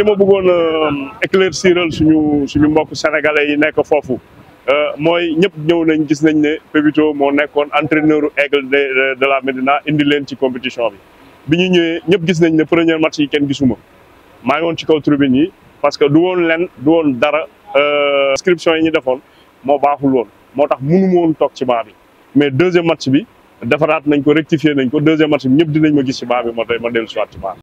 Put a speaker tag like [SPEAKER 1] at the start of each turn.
[SPEAKER 1] li ma bëggoon euh, éclairciral suñu suñu mbokk sénégalais yi nekk foofu euh, mooy ñëpp ñëw nañ gis nañ ne Pepito moo nekkoon entraîneur aigle de la Médina indi leen ci compétition bi. bi ñu ñëwee ñëpp gis nañ ne premier match yi kenn gisuma maa ngi woon ci kaw tribune yi parce que du woon len du woon dara euh, inscription yi ñu defoon moo baaxul woon moo tax mënu ma woon toog ci baa bi mais deuxième match bi defaraat nañ ko rectifier nañ ko deuxième match bi ñëpp dinañ ma si waat ci